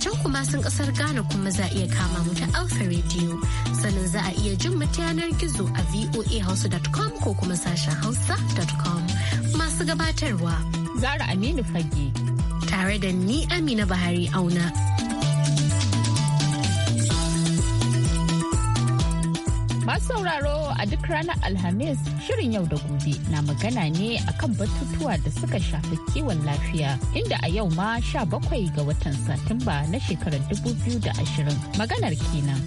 can kuma sun kasar Ghana kuma za a iya kama mu ta Alfa Radio. Sannan za a iya jin mata yanar gizo a voahouse.com ko kuma sashen hausa.com. Masu gabatarwa. Zara Aminu Fage. Tare da ni Amina Bahari Auna. Masu sauraro a duk ranar Alhamis shirin yau da gobe na magana ne akan batutuwa da suka shafi kiwon lafiya inda a yau ma 17 ga watan Satumba na shekarar 2020 maganar kenan.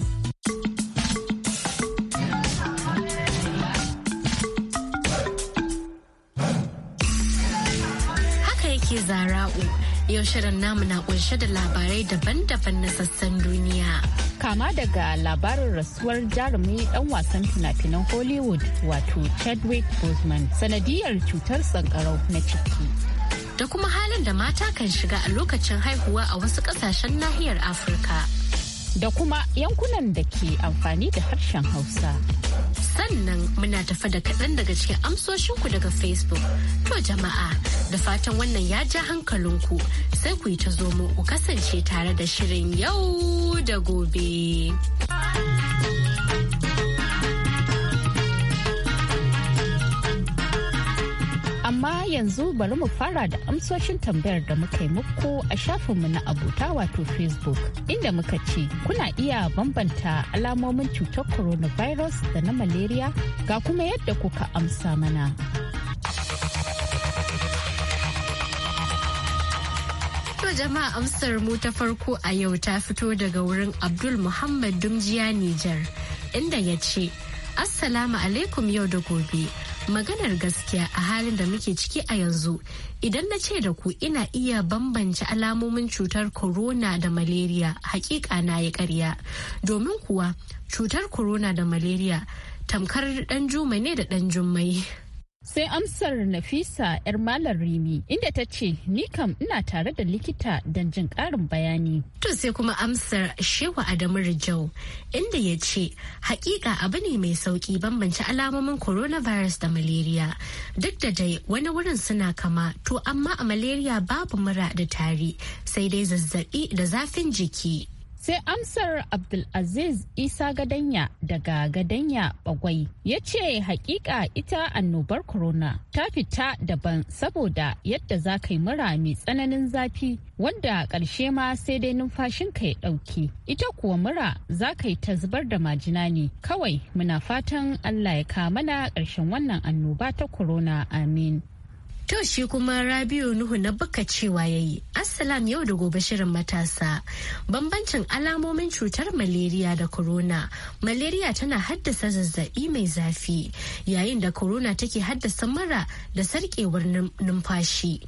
Yau shirin namu na kunshe da labarai daban-daban na sassan duniya. Kama daga labarin rasuwar jarumi dan wasan fina-finan Hollywood wato Chadwick Boseman sanadiyar cutar sankarau na ciki. Da kuma halin da mata kan shiga a lokacin haihuwa a wasu kasashen nahiyar Afirka. Da kuma yankunan da ke amfani da harshen Hausa. sannan muna tafa da kaɗan daga cikin amsoshinku daga facebook to jama'a da fatan wannan ya ja hankalinku sai ku yi ta zo mu ku kasance tare da shirin yau da gobe. amma yanzu bari mu fara da amsoshin tambayar da muka yi muku a shafinmu na abota wato facebook inda muka ce kuna iya bambanta alamomin cutar coronavirus da na malaria ga kuma yadda kuka amsa mana jama'a amsar mu ta farko a yau ta fito daga wurin abdul muhammad dumjiya nijar inda ya ce assalamu alaikum yau da gobe maganar gaskiya a halin da muke ciki a yanzu idan na ce da ku ina iya bambance alamomin cutar corona da malaria hakika na yi karya domin kuwa cutar corona da malaria tamkar dan juma ne da dan jummai Sai amsar Nafisa 'yar Malam Rimi inda ta ce ni kam ina tare da likita don jin ƙarin bayani. To sai kuma amsar Shehu Adamu Rijau inda ya ce hakika abu ne mai sauƙi bambanci alamomin coronavirus da malaria duk da dai wani wurin suna kama to amma a malaria babu mura da tari sai dai zazzaɓi da zafin jiki. sai amsar abdulaziz isa gadanya daga gadanya bagwai ya ce hakika ita annobar corona ta fita daban saboda yadda za ka yi mura mai tsananin zafi wanda ƙarshe ma sai dai numfashinka ya ɗauki ita kuwa mura za ka yi ta zubar da majina ne kawai muna fatan allah ya kamana ƙarshen wannan annoba ta corona amin To shi kuma Rabiu Nuhu na buka cewa yayi Assalam yau da gobe shirin matasa. Bambancin alamomin cutar malaria da corona. Malaria tana haddasa zazzabi mai zafi yayin da corona take haddasa mara da sarkewar numfashi.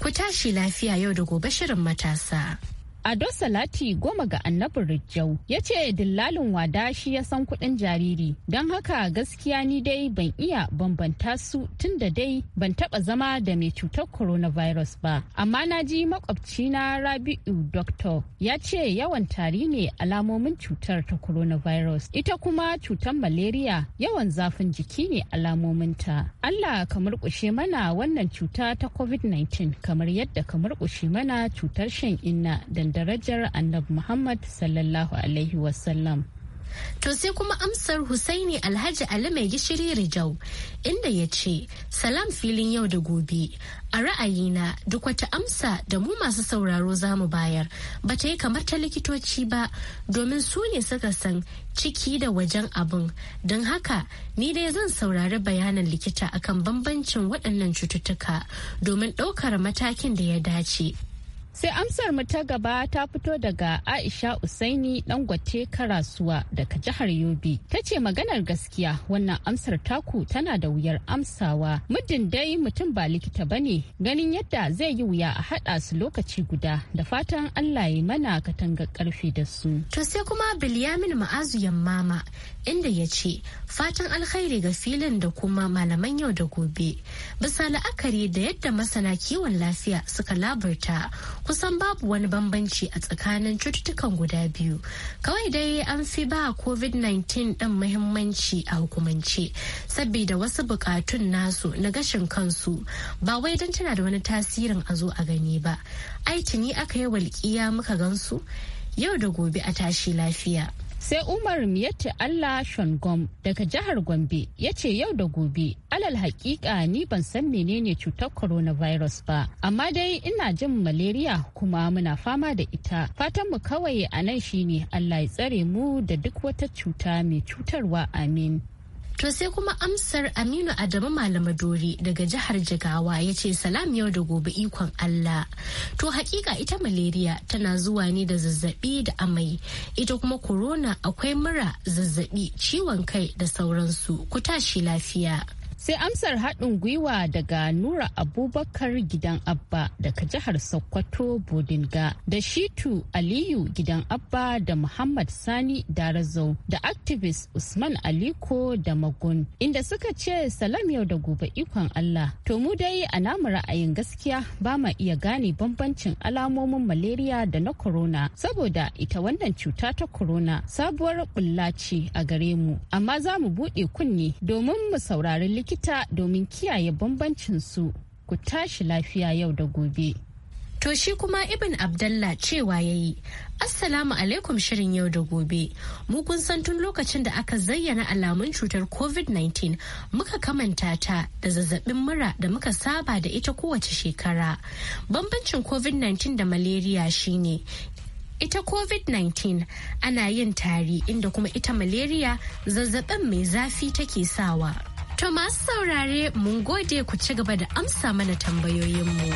Ku tashi lafiya yau da gobe shirin matasa. Ado Salati goma ga annabin Rijau ya ce dillalin wada shi ya san kuɗin jariri don haka gaskiya ni dai ban iya bambanta su tun da dai ban taɓa zama da mai cutar coronavirus ba. Amma na ji makwabci na Rabi'u Doctor ya ce yawan tari ne alamomin cutar ta coronavirus. Ita kuma cutar malaria yawan zafin jiki ne alamominta. Allah ka murkushe mana wannan cuta ta COVID-19 kamar yadda ka murƙushe mana cutar shan inna da darajar annabi Muhammad sallallahu Alaihi wasallam. To sai kuma amsar Husaini Alhaji Ali mai gishiri Rijau inda ya ce, Salam filin yau da gobe, a ra'ayina duk wata amsa da mu masu sauraro za mu bayar ba ta yi kamar ta likitoci ba domin su ne suka san ciki da wajen abin. Don haka ni dai zan saurari bayanan likita akan bambancin waɗannan cututtuka domin ɗaukar matakin da ya dace. Sai amsar mu ta gaba ta fito daga Aisha Usaini Dangote Karasuwa daga jihar Yobe. Ta ce maganar gaskiya wannan amsar taku tana da wuyar amsawa. Muddin dai mutum ba likita bane ganin yadda zai yi wuya a haɗa su lokaci guda da fatan Allah ya mana katanga karfi da su. To sai kuma Bilyamin Ma'azu Yammama inda ya ce fatan alkhairi ga filin da kuma malaman yau da gobe bisa la'akari da yadda masana kiwon lafiya suka laburta kusan babu wani bambanci a tsakanin cututtukan guda biyu kawai dai an fi ba covid-19 ɗin muhimmanci a hukumance saboda wasu bukatun nasu na gashin kansu ba wai don tana da wani tasirin a zo a gani ba ai ne aka yi walƙiya muka gansu yau da gobe a tashi lafiya. sai umar miyatti allah shangom daga jihar gombe ya ce yau da gobe alal hakika ni ban san menene cutar coronavirus ba amma dai ina jin malaria kuma muna fama da ita fatan mu kawai a nan shine allah ya tsare mu da duk wata cuta mai cutarwa amin To sai kuma amsar Aminu Adamu Malamadori daga jihar Jigawa ya ce salam yau da gobe ikon Allah. To hakika ita malaria tana zuwa ne da zazzabi da amai. Ita kuma corona akwai mura zazzabi ciwon kai da sauransu ku tashi lafiya. sai amsar haɗin gwiwa daga nura abubakar gidan abba daga jihar sokoto bodinga da shitu aliyu gidan abba da muhammad sani Darazo da activist usman aliko da magun inda suka ce salam yau da gobe ikon allah to mu dai a namu ra'ayin gaskiya ba ma iya gane bambancin alamomin malaria da na corona saboda ita wannan cuta ta corona sabuwar bulla ce a gare mu amma za mu buɗe kunne domin mu saurari likita likita domin kiyaye bambancinsu ku tashi lafiya yau da gobe. To shi kuma Ibn Abdallah cewa ya yi, Assalamu alaikum shirin yau da gobe. Mu kun san tun lokacin da aka zayyana alamun cutar COVID-19 muka kamanta ta da zazzabin mura da muka saba da ita kowace shekara. Bambancin COVID-19 da malaria shine ita covid-19 ana yin tari inda kuma ita malaria zazzabin mai zafi take sawa. To masu saurare mun gode ku ci gaba da amsa mana tambayoyinmu.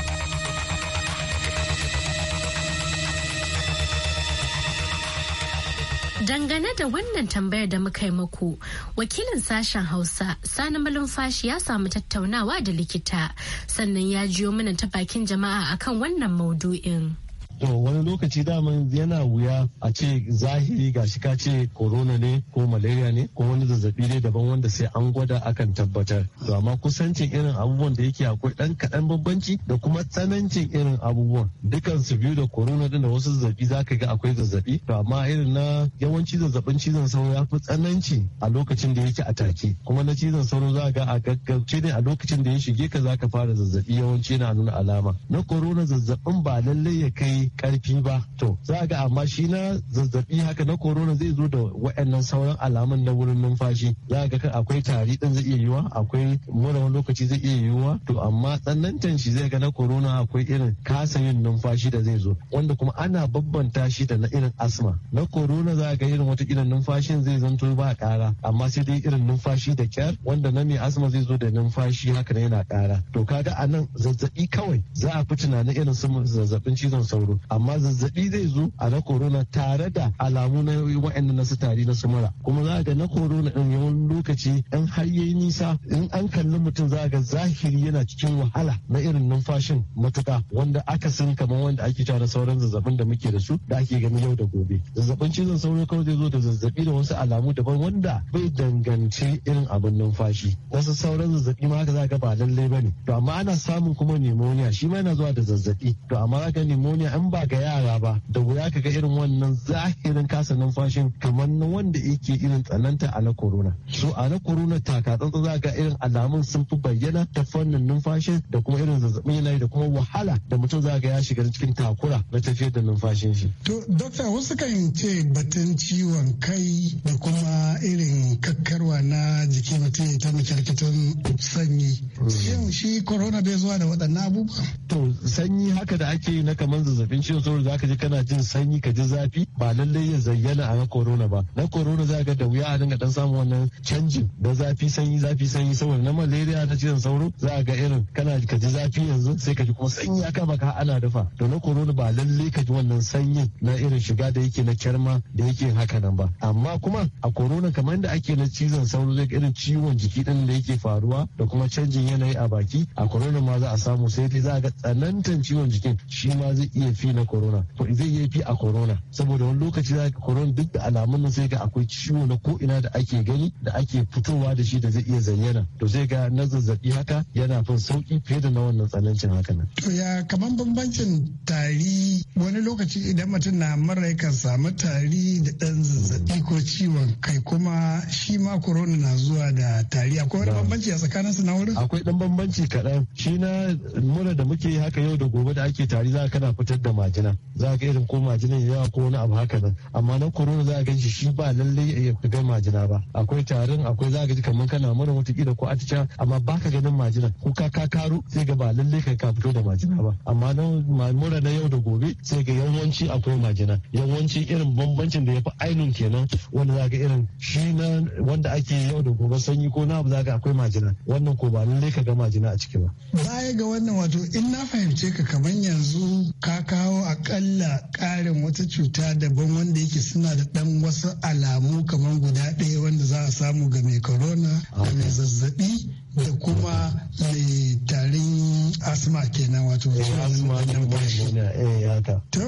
Dangane da wannan tambayar da muka yi muku, wakilin sashen Hausa Sani Malumfashi ya samu tattaunawa da likita, sannan ya jiyo mana ta bakin jama'a akan wannan maudu'in. To wani lokaci daman yana wuya a ce zahiri ga shi ka ce corona ne ko malaria ne ko wani zazzabi ne daban wanda sai an gwada akan tabbatar. To amma kusancin irin abubuwan da yake akwai ɗan kaɗan bambanci da kuma tsanancin irin abubuwan. Dukan su biyu da corona din da wasu zazzabi za ka ga akwai zazzabi. To amma irin na yawanci zazzabin cizon sauro ya fi tsananci a lokacin da yake a take. Kuma na cizon sauro za ga a gaggauce ne a lokacin da ya shige ka za ka fara zazzabi yawanci yana nuna alama. Na corona zazzabin ba lallai ya kai karfi ba to za ga amma shi na zazzabi haka na korona zai zo da waannan sauran alamun na wurin numfashi za ga akwai tari din zai iya yiwa akwai mura wani lokaci zai iya yiwa to amma tsanantan shi zai ga na korona akwai irin kasa yin numfashi da zai zo wanda kuma ana babbanta shi da na irin asma na korona za ga irin wata irin numfashin zai zanto ba kara amma sai dai irin numfashi da kyar wanda na mai asma zai zo da numfashi haka yana kara to kaga anan zazzabi kawai za a fi tunanin irin su zazzabin cizon sauro amma zazzabi zai zo a na corona tare da alamu na wa'annan na su tari na su mura kuma za ga na corona din yawan lokaci in har yayi nisa in an kalli mutum za ga zahiri yana cikin wahala na irin numfashin matuka wanda aka san kamar wanda ake cewa da sauran zazzabin da muke da su da ake gani yau da gobe zazzabin cizon sauro kawai zai zo da zazzabi da wasu alamu daban wanda bai danganci irin abin numfashi wasu sauran zazzabi ma haka za ga ba lallai ba ne to amma ana samun kuma pneumonia shi ma yana zuwa da zazzabi to amma za ga pneumonia in ba ga yara ba da wuya ka ga irin wannan zahirin kasa numfashin kamar na wanda yake irin tsananta a na corona so a na corona taka tsantsan za ga irin alamun sun fi bayyana ta fannin numfashin da kuma irin zazzabin yanayi da kuma wahala da mutum za ga ya shiga cikin takura na tafiyar da numfashin shi to dokta wasu kan ce batun ciwon kai da kuma irin kakkarwa na jiki mutum ya ta makyarkitan sanyi hmm. shin shi corona bai zuwa da waɗannan abubuwa to sanyi haka da ake na kamar zazzabin zazzabin ciwon sauro za ka ji kana jin sanyi ka ji zafi ba lallai ya zayyana a na corona ba na korona za ka da wuya a dinga dan samun wannan canjin da zafi sanyi zafi sanyi saboda na malaria na cizon sauro za ga irin kana ka ji zafi yanzu sai ka ji kuma sanyi aka ba ka ana dafa to na korona ba lallai ka ji wannan sanyin na irin shiga da yake na kyarma da yake haka nan ba amma kuma a korona kamar yadda ake na cizon sauro da irin ciwon jiki din da yake faruwa da kuma canjin yanayi a baki a korona ma za a samu sai dai za a ga tsanantan ciwon jikin shi ma zai iya fi fi na corona to zai yi fi a corona saboda wani lokaci za ka corona duk da alamun nan sai ga akwai ciwo na ko ina da ake gani da ake fitowa da shi da zai iya zayyana to zai ga na zazzabi haka yana fin sauki fiye da na wannan tsanancin haka nan to ya kaman bambancin tari wani lokaci idan mutum na mara yakan samu tari da dan zazzabi ko ciwon kai kuma shi ma corona na zuwa da tari akwai wani bambanci a tsakanin su na wurin akwai dan bambanci kaɗan shi na mura da muke haka yau da gobe da ake tari za ka na fitar da majina za ka irin ko majinan yawa ko wani abu haka nan amma na corona za ka shi shi ba lalle ya fita majina ba akwai tarin akwai za ka ji kamar kana mura watakila ko atica amma ba ka ganin majinan ko ka ka karu sai ga ba lalle kai ka fito da majina ba amma na mura na yau da gobe sai ga yawanci akwai majina yawanci irin bambancin da ya fi ainihin kenan wanda za ka irin shi na wanda ake yau da gobe sanyi ko na abu za ka akwai majina wannan ko ba lalle ka ga majina a ciki ba. baya ga wannan wato in na fahimce ka kamar yanzu ka ka kawo akalla ƙarin wata cuta daban wanda yake suna da ɗan wasu alamu kamar guda ɗaya wanda za a samu ga mai corona da mai zazzabi da kuma mai tarin asma kenan wato eh, eh, haka to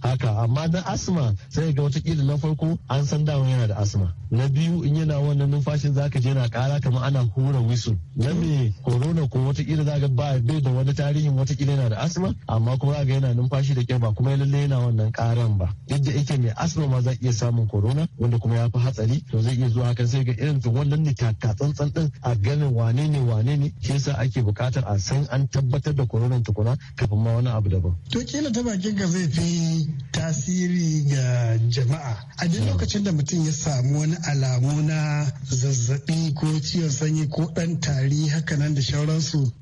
haka amma na asma sai ga watakila na farko an san dama yana da asma na biyu in yana wannan numfashin zaka je na kara kamar ana hura wisu na me corona ko watakila zaka ba bai da wani tarihin watakila yana da asma amma kuma zaka yana numfashi da kyau ba kuma lalle yana wannan karan ba duk da yake mai asma ma za iya samun corona wanda kuma ya fi hatsari to zai iya zuwa hakan sai ga irin wannan ne tsantsan din a ganin wane ne wane ne shi yasa ake bukatar a san an tabbatar da koronan tukuna kafin ma wani abu daban to kila ta bakin ka zai fi tasiri ga jama'a a duk lokacin da mutum ya samu wani alamu na zazzabi ko ciwon sanyi ko ɗan tari haka nan da shauransu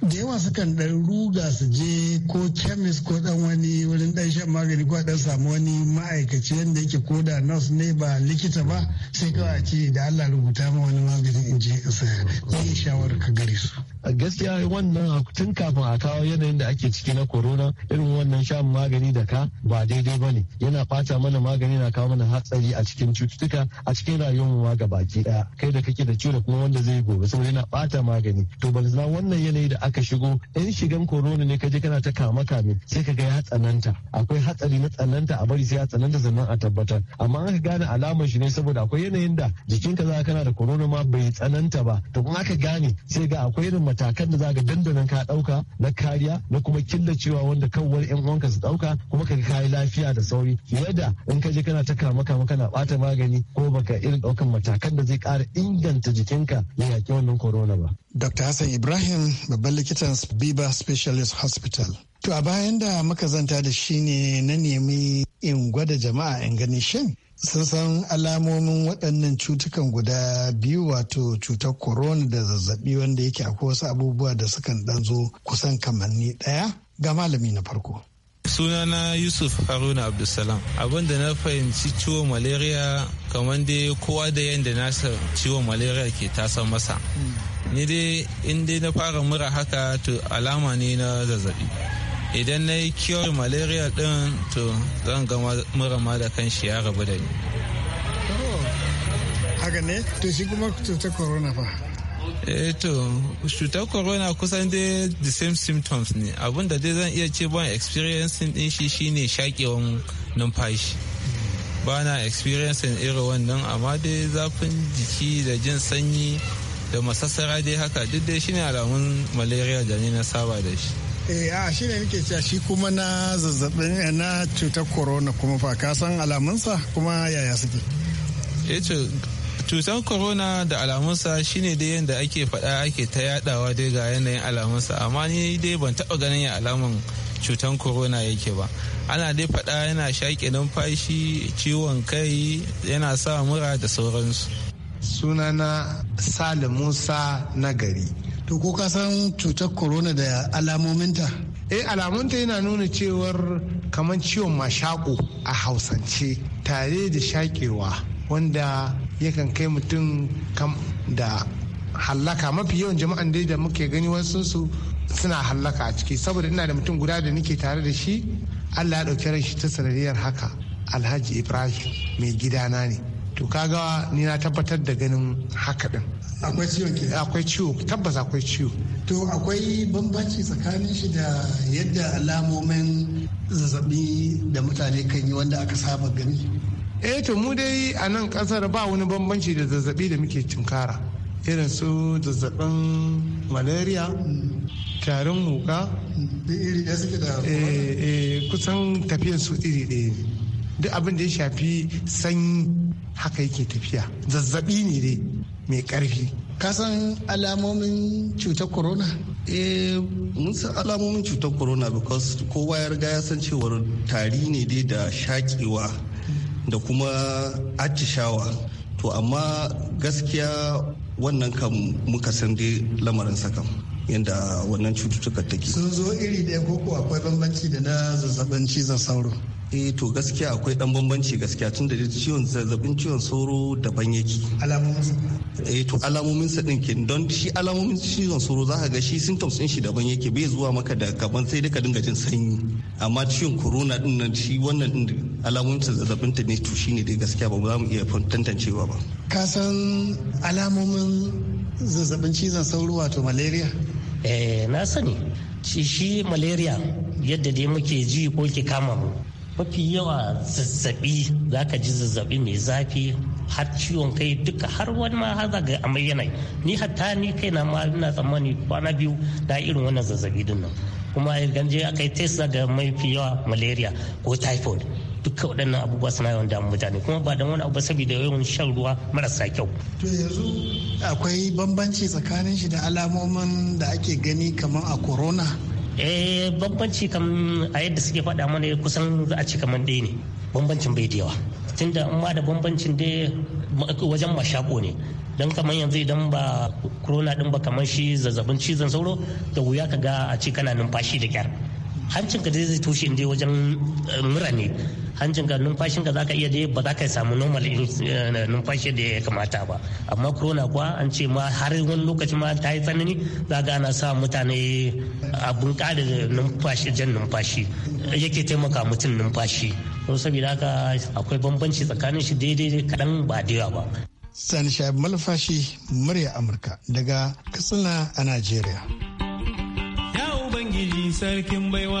da yawa sukan ɗan ruga su je ko kemis ko ɗan wani wurin ɗan shan magani ko ɗan samu wani ma'aikaci yadda yake ko da nurse ne ba likita ba sai kawai ce da Allah rubuta ma wani maganin in je in saya yi shawarar ka gare su gaskiya wannan tun kafin a kawo yanayin da ake ciki na corona irin wannan shan magani da ka ba daidai ba ne yana fata mana magani na kawo mana hatsari a cikin cututtuka a cikin rayuwar ma ga baki daya kai da kake da ciwo da kuma wanda zai gobe saboda yana bata magani to balzana wannan yanayi da aka shigo in shigan corona ne kaje kana ta kama kame sai ka ga ya tsananta akwai hatsari na tsananta a bari sai ya tsananta sannan a tabbatar amma aka gane alamar shi ne saboda akwai yanayin da jikinka za kana da corona ma bai tsananta ba to kuma aka gane sai ga akwai irin matakan da za ka dandanan ka ɗauka na kariya na kuma killacewa wanda kawar yan uwanka su ɗauka kuma ka kai lafiya da sauri fiye da in ka je kana ta kama kama kana bata magani ko baka irin ɗaukan matakan da zai kara inganta jikinka ya yaki wannan corona ba. Dr. Hassan Ibrahim babban likitan Biba Specialist Hospital. To a bayan da muka zanta da shi ne na nemi in gwada jama'a in gani shin sun san alamomin waɗannan cutukan guda biyu wato cutar corona da zazzabi wanda yake akwai wasu abubuwa da sukan ɗan zo kusan kamanni ɗaya ga malami na farko. sunana yusuf haruna abdulsalam abin da na fahimci ciwon malaria kamar dai kowa da yadda nasa ciwon malaria ke tasan masa hmm. ni dai in dai na fara mura haka to alama ne na zazzabi idan na yi cure malaria din to zan ga mura ma da kan shi ya rabu da ni oh, haka ne to shi kuma cutar corona fa eh to cutar corona kusan dai the same symptoms ne abinda dai zan iya ce ban experiencing din shi shine shakewan numfashi ba na experiencing irin wannan amma dai zafin jiki da jin sanyi da masassara dai haka duk dai shine alamun malaria da ni na saba da shi Eh, a shi ne nake cewa shi kuma na zazzabin eh, na cutar corona kuma fa ka san alamunsa kuma yaya suke eh cutar corona da alamunsa shine dai yadda ake faɗa ake ta yadawa dai ga yanayin alamunsa amma ni dai ban taba ganin ya alamun cutar corona yake ba ana dai faɗa yana shaƙe numfashi ciwon kai yana sa mura da sauransu sunana sale musa nagari to ko ka san cutar corona da alamominta eh alamunta yana nuna cewar kamar ciwon mashako a hausance tare da shakewa wanda yakan kai mutum kam da hallaka mafi yawan jama'an dai da muke gani wasu suna hallaka a ciki saboda ina da mutum guda da nake tare da shi allah ya ɗauki ran shi ta sanadiyar haka alhaji ibrahim mai gidana ne to kaga ni na tabbatar da ganin haka din akwai ciwon ke akwai ciwo tabbas akwai ciwo to akwai bambanci tsakanin shi da yadda alamomin zazzabi da mutane kan yi wanda aka saba gani eh to mu dai a nan kasar ba wani bambanci da zazzabi da muke tunkara irin su zazzabin malaria tarin muka eh, eh, kusan tafiyan su iri ɗaya ne duk abin da ya shafi sanyi haka yake tafiya zazzabi ne dai mai karfi kasan alamomin cutar corona eh mun san alamomin cutar corona because kowa ya riga ya san cewar tari ne dai da shakewa da kuma atishawa to amma gaskiya wannan kan muka san dai lamarin sakam yadda wannan cututtukan take sun zo iri ɗaya ko kuwa akwai bambanci da na zazzabin cizon sauro eh to gaskiya akwai dan bambanci gaskiya tun da ciwon zazzabin ciwon sauro daban yake alamomin eh to alamomin sa din kin don shi alamomin ciwon sauro zaka ga shi symptoms din shi daban yake bai zuwa maka da gaban sai ka dinga jin sanyi amma ciwon corona din nan shi wannan din alamomin sa zazzabin ta ne to shine dai gaskiya ba za mu iya tantancewa ba ka san alamomin zazzabin cizon sauro wato malaria eh na sani shi malaria yadda dai muke ji ko ke kama mu mafi yawa zazzabi za ka ji zazzabi mai zafi har ciwon kai duka har wani ma har ga amai yanayi ni hatta ni kai na ma ina tsammani kwana biyu na irin wannan zazzabi din nan kuma ganje aka yi test ga mafi yawa malaria ko typhoid duka waɗannan abubuwa suna yawan damun mutane kuma ba da wani abu saboda yawan shan ruwa marasa kyau. To yanzu akwai bambanci tsakanin shi da alamomin da ake gani kamar a corona eh bambanci kam a yadda suke faɗa mana kusan za a ci kamar ɗaya ne bambancin bai da yawa tunda in ma da bambancin dai wajen mashako ne don kamar yanzu idan ba corona din ba kamar shi zazzabin cizon sauro da wuya ka ga a ce kana numfashi da kyar hancin ka zai toshe inda wajen eh, mura ne hancin ka numfashin ka zaka iya je ba za ka samu normal eh, numfashi da ya kamata ba amma corona kuwa an ce ma har wani lokaci ma ta yi tsanani za ga ana sa mutane abun kada numfashi jan numfashi yake taimaka mutum numfashi don saboda haka akwai bambanci tsakanin shi daidai kaɗan ba da yawa ba Sani Shaib Malfashi murya Amurka daga Katsina a Najeriya. Ya Ubangiji sarkin baiwa.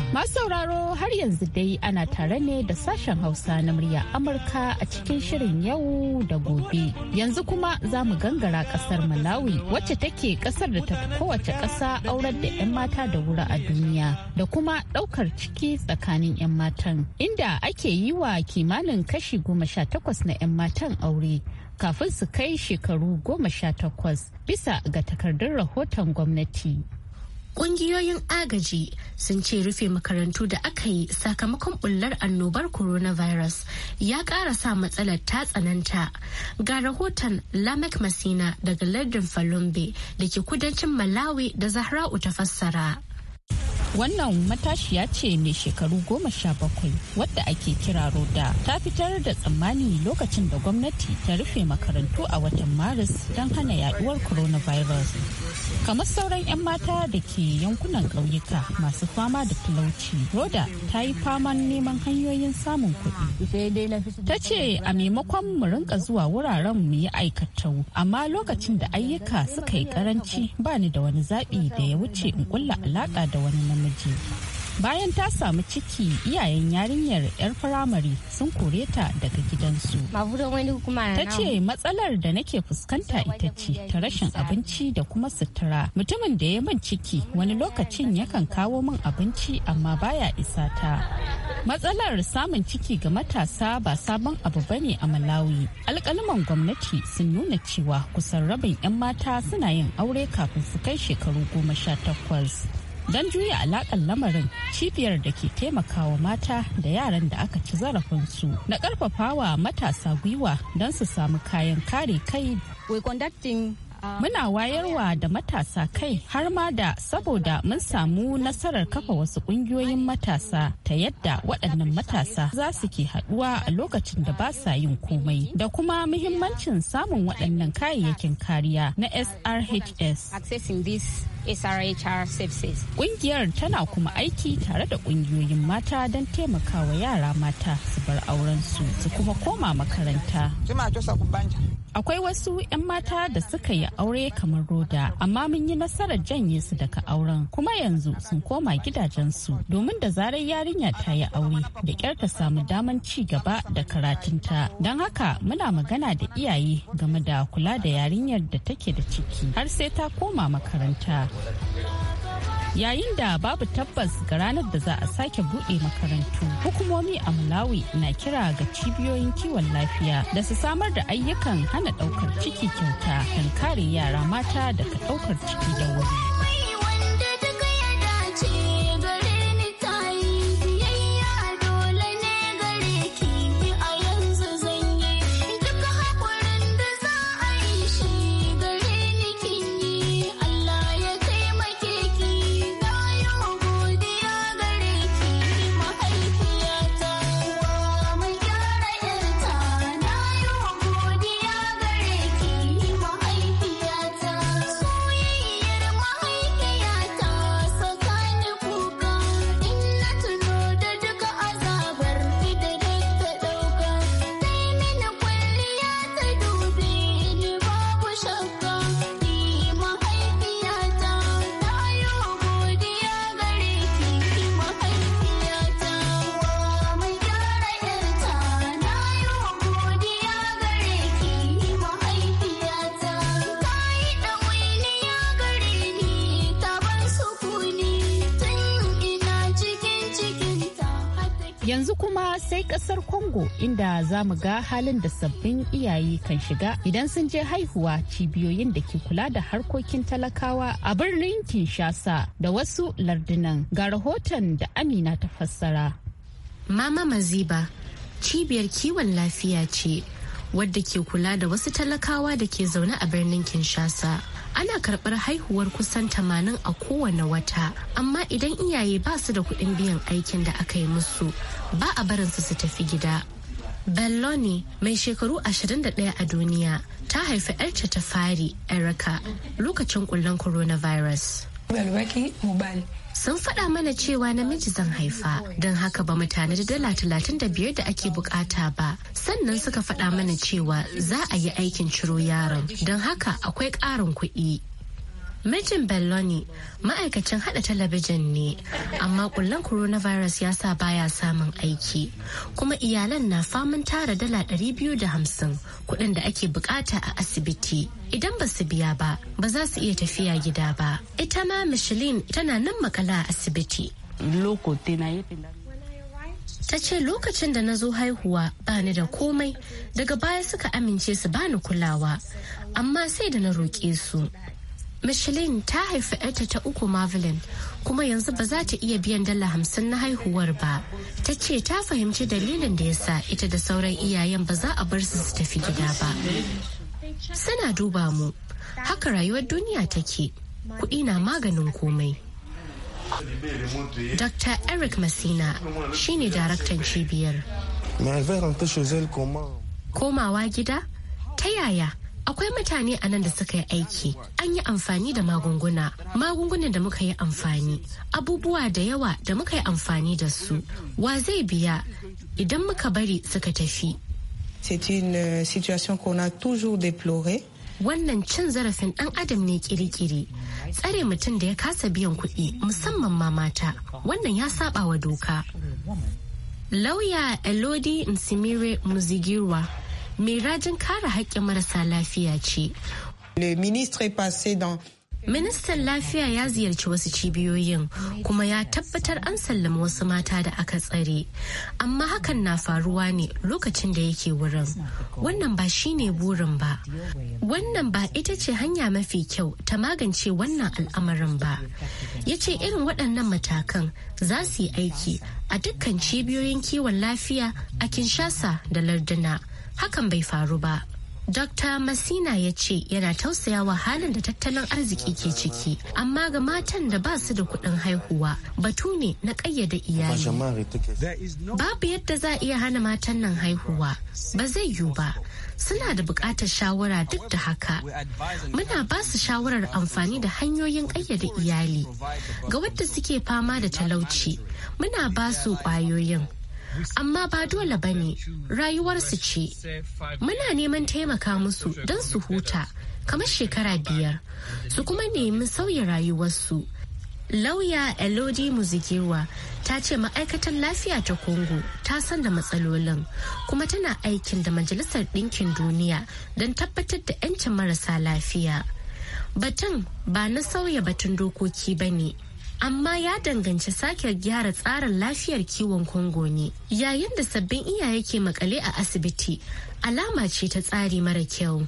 Masu sauraro har yanzu dai ana tare ne da sashen Hausa na murya Amurka a cikin shirin yau da gobe. Yanzu kuma za mu gangara kasar Malawi wacce take kasar da ta fi kowace ƙasa aurar da 'yan mata da wura a duniya da kuma ɗaukar ciki tsakanin 'yan matan inda ake yi wa kimanin kashi goma sha takwas na 'yan matan aure. kafin su kai shekaru goma sha takwas bisa ga takardun rahoton gwamnati. Ƙungiyoyin agaji sun ce rufe makarantu da aka yi sakamakon bullar annobar coronavirus ya ƙara sa matsalar ta tsananta. Ga rahoton Lamek Masina daga lardin Falumbe da ke kudancin Malawi da Zahra'u ta fassara. Wannan matashiya ce mai shekaru goma sha bakwai wadda ake kira Roda ta fitar da tsammani lokacin da gwamnati ta rufe makarantu a watan Maris don hana yaduwar coronavirus. Kamar sauran 'yan mata da ke yankunan ƙauyuka masu fama da talauci, Roda ta yi faman neman hanyoyin samun kuɗi. Ta ce a maimakon mu rinka zuwa wuraren mu yi aikatau, amma lokacin da ayyuka suka yi karanci ba ni da wani zaɓi da ya wuce in ƙulla alaƙa da wani namiji. namiji bayan ta samu ciki iyayen yarinyar yar firamare sun kore ta daga gidansu ta ce matsalar da nake fuskanta ita ce ta rashin abinci da kuma sutura mutumin da ya man ciki wani lokacin yakan kawo min abinci amma baya isa ta matsalar samun ciki ga matasa ba sabon abu bane a malawi alkalaman gwamnati sun nuna cewa kusan rabin 'yan mata suna yin aure kafin su kai shekaru goma sha takwas don juya alakan lamarin cibiyar da ke taimakawa mata da yaran da aka ci zarafinsu na karfafawa matasa gwiwa don su samu kayan kare kai. We Muna wayarwa da matasa kai har ma da saboda mun samu nasarar kafa wasu ƙungiyoyin matasa ta yadda waɗannan matasa za su ke haɗuwa a lokacin da ba sa yin komai da kuma muhimmancin samun waɗannan kayayyakin kariya na SRHS. SRHR services. Kungiyar tana kuma aiki tare da ƙungiyoyin mata don taimakawa yara mata su bar aurensu su kuma koma makaranta. Akwai wasu 'yan mata da suka yi aure kamar roda amma mun yi nasarar janye su daga auren kuma yanzu sun koma gidajensu domin da zarar yarinya ta yi aure da kyar ta samu daman ci gaba da karatunta don haka muna magana da iyaye game da kula da yarinyar da take da ciki har sai ta koma makaranta. yayin da babu tabbas ga ranar da za a sake bude makarantu hukumomi a malawi na kira ga cibiyoyin kiwon lafiya da su samar da ayyukan hana daukar ciki kyauta don kare yara mata daga daukar ciki da wuri. sai kasar Congo inda za mu ga halin da sabbin iyaye kan shiga idan sun je haihuwa cibiyoyin da ke kula da harkokin talakawa a birnin Kinshasa da wasu lardunan ga rahoton da Amina ta fassara. Mama Maziba cibiyar kiwon lafiya ce wadda ke kula da wasu talakawa da ke zaune a birnin Kinshasa. ana karɓar haihuwar kusan tamanin a kowane wata amma idan iyaye ba su da kuɗin biyan aikin da aka yi musu ba a barin su su tafi gida Belloni mai shekaru 21 a duniya ta haifi 'yarta ta fari Erika lokacin ƙullon coronavirus. sun faɗa mana cewa namiji zan haifa don haka ba mutane da dala talatin da biyar da ake bukata ba sannan suka faɗa mana cewa za a yi aikin ciro yaron don haka akwai ƙarin kuɗi Mijin belloni ma'aikacin hada talabijin ne amma kullen coronavirus ya sa baya samun aiki kuma iyalan na faman tara dala 250 kudin da ake bukata a asibiti idan ba su biya ba ba za su iya tafiya gida ba ita ma Michelin tana nan makala a asibiti ta ce lokacin da na zo haihuwa ba ni da komai daga baya suka amince su bani kulawa amma sai da na roƙe su Micheline ta haifi ‘yarta ta uku Marvelin kuma yanzu ba za ta iya biyan dala hamsin na haihuwar ba. Ta ce ta fahimci dalilin da ya sa ita da sauran iyayen ba za a bar su su tafi gida ba. Suna duba mu, haka rayuwar duniya take, kuɗi na maganin komai. Dr. Eric Masina shine daraktan cibiyar. Komawa gida? Ta yaya? akwai mutane a nan da suka yi aiki an yi amfani da magunguna magungunan da muka yi amfani abubuwa da yawa da muka yi amfani da su wa zai biya idan muka bari suka tafi euh, wannan cin zarafin dan adam ne kirikiri tsare mutum da ya kasa biyan kuɗi musamman ma mata wannan ya saba wa doka lauya elodi nsimire muzigirwa mai rajin kare haƙƙin marasa lafiya ce. Ministan lafiya ya ziyarci wasu cibiyoyin kuma ya tabbatar an sallama wasu mata da aka tsare. Amma hakan na faruwa ne lokacin da yake wurin. Wannan ba shi ne burin ba. Wannan ba ita ce hanya mafi kyau ta magance wannan al'amarin ba. Ya ce irin waɗannan matakan za su yi aiki a dukkan cibiyoyin kiwon lafiya a Kinshasa da Larduna hakan bai faru ba Dr. Masina ya ce yana tausayawa halin da tattalin arziki ke ciki, amma ga matan da ba su da kuɗin haihuwa batu ne na ƙayyade iyali. Babu yadda za a iya hana matan nan haihuwa, ba zai yiwu ba. Suna da buƙatar shawara duk da haka. Muna ba su shawarar amfani da hanyoyin ƙayyade iyali. Ga wadda suke fama da talauci, muna ba su ƙwayoyin. amma ba dole ba ne rayuwarsu ce muna neman taimaka musu don su huta kamar shekara biyar su kuma nemi sauya rayuwarsu lauya elodi muzigewa ta ce ma'aikatar lafiya ta congo ta san da matsalolin kuma tana aikin da majalisar ɗinkin duniya don tabbatar da 'yancin marasa lafiya batun ba na sauya batun dokoki ba ne amma ya danganci sake gyara tsarin lafiyar kiwon kongo ne yayin da sabbin iyaye ke makale a asibiti alama ce ta tsari mara kyau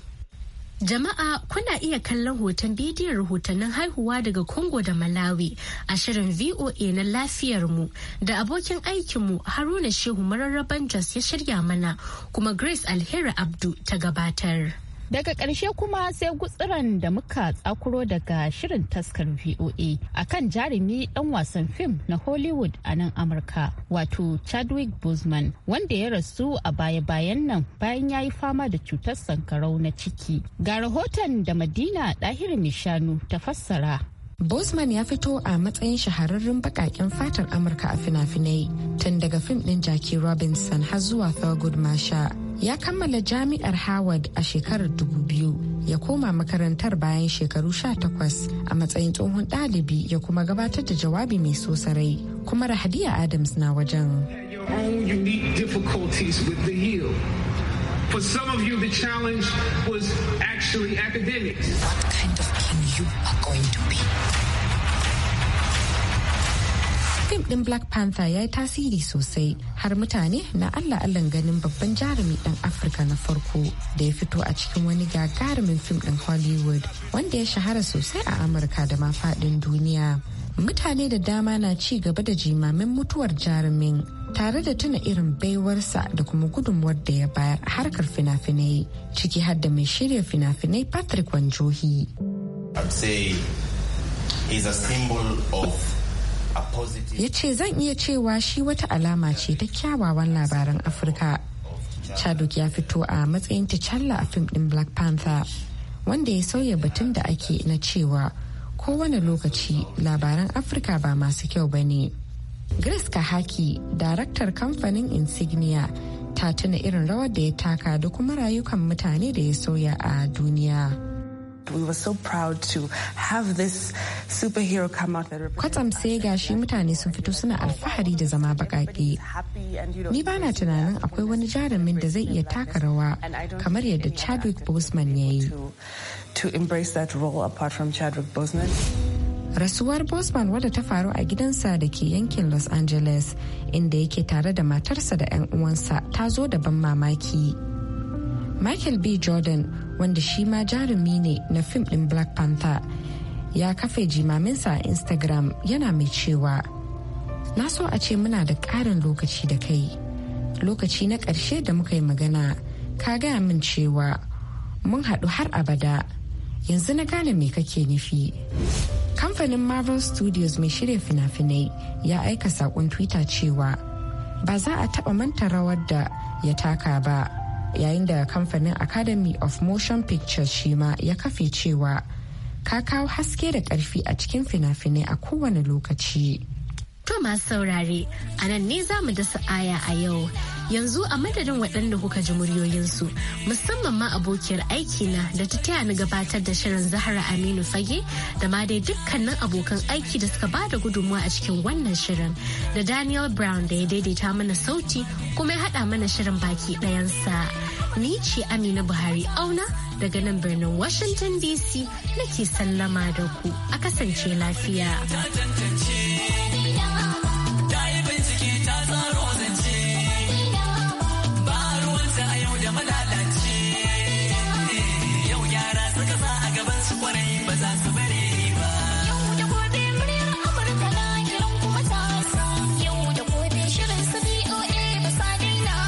jama'a kuna iya kallon hoton bidiyon rahotannin haihuwa daga congo da malawi a shirin voa na lafiyar mu da abokin aikinmu haruna shehu mararraban jos ya shirya mana kuma grace alheri abdu ta gabatar Daga ƙarshe kuma sai gutsiran da muka tsakuro daga shirin taskar VOA kan jarumi ɗan wasan fim na Hollywood a nan Amurka wato Chadwick Boseman wanda ya rasu a baya-bayan nan bayan ya yi fama da cutar sankarau na ciki. Ga rahoton da Madina ɗahirin nishanu ta fassara. Boseman ya fito a matsayin shahararrun bakaken fatar Amurka a fina-finai tun daga fim ɗin Jackie Robinson har zuwa Thurgood Marshall. ya kammala jami'ar Howard a shekarar 2000 ya koma makarantar bayan shekaru 18 a matsayin tsohon ɗalibi ya kuma gabatar da jawabi mai sosarai kuma Rahadiya Adams na wajen. For some the challenge was actually What kind of king you are going to be? fim ɗin black panther ya yi tasiri sosai har mutane na allah Allah ganin babban jarumi ɗan afirka na farko da ya fito a cikin wani gagarumin fim ɗin hollywood wanda ya shahara sosai a amurka da ma faɗin duniya mutane da dama na ci gaba da jimamin mutuwar jarumin tare da tuna irin baiwarsa da kuma gudunmuwar da ya bayar harkar fina-finai ciki har da mai shirya fina-finai patrick wanjohi I'd say he's a symbol of ya ce zan iya cewa shi wata alama ce ta kyawawan labaran afirka chaduk ya fito a matsayin t'challa a fim din black panther wanda ya sauya batun da ake na cewa kowane lokaci labaran afirka ba masu kyau ba ne grace kahaki daraktar kamfanin insignia ta tuna irin rawar da ya taka da kuma rayukan mutane da ya sauya a duniya We were so to have this Kwatsam sai gashi mutane sun fito suna alfahari da zama bakake. Ni bana tunanin akwai wani jarumin da zai iya taka rawa kamar yadda Chadwick Boseman ya yi. Rasuwar Boseman wadda ta faru a gidansa da ke yankin Los Angeles inda yake tare da matarsa da 'yan uwansa ta zo da ban mamaki. Michael B. Jordan wanda shi ma jarumi ne na fim ɗin Black Panther ya kafe jimaminsa a instagram yana mai cewa na so a ce muna da ƙarin lokaci da kai lokaci na ƙarshe da muka yi magana ka gaya min cewa mun haɗu har abada yanzu na gane me kake nufi kamfanin marvel studios mai shirya fina-finai ya aika saƙon twitter cewa ba za a taɓa manta rawar da ya taka ba yayin da kamfanin academy of motion pictures shima ya kafe cewa ka kawo haske da ƙarfi a cikin fina-finai a kowane lokaci To masu saurare, a nan ne za mu dasa aya a yau. Yanzu a madadin waɗanda kuka ji muryoyinsu, musamman ma abokiyar na da ta taya ni gabatar da shirin Zahra Aminu Fage da ma dai dukkanin abokan aiki da suka bada gudunmawa a cikin wannan shirin da Daniel Brown da ya daidaita mana sauti kuma ya haɗa mana shirin baki ɗayansa. Ni ce Amina Buhari auna daga nan birnin Washington DC nake sallama da ku a kasance lafiya.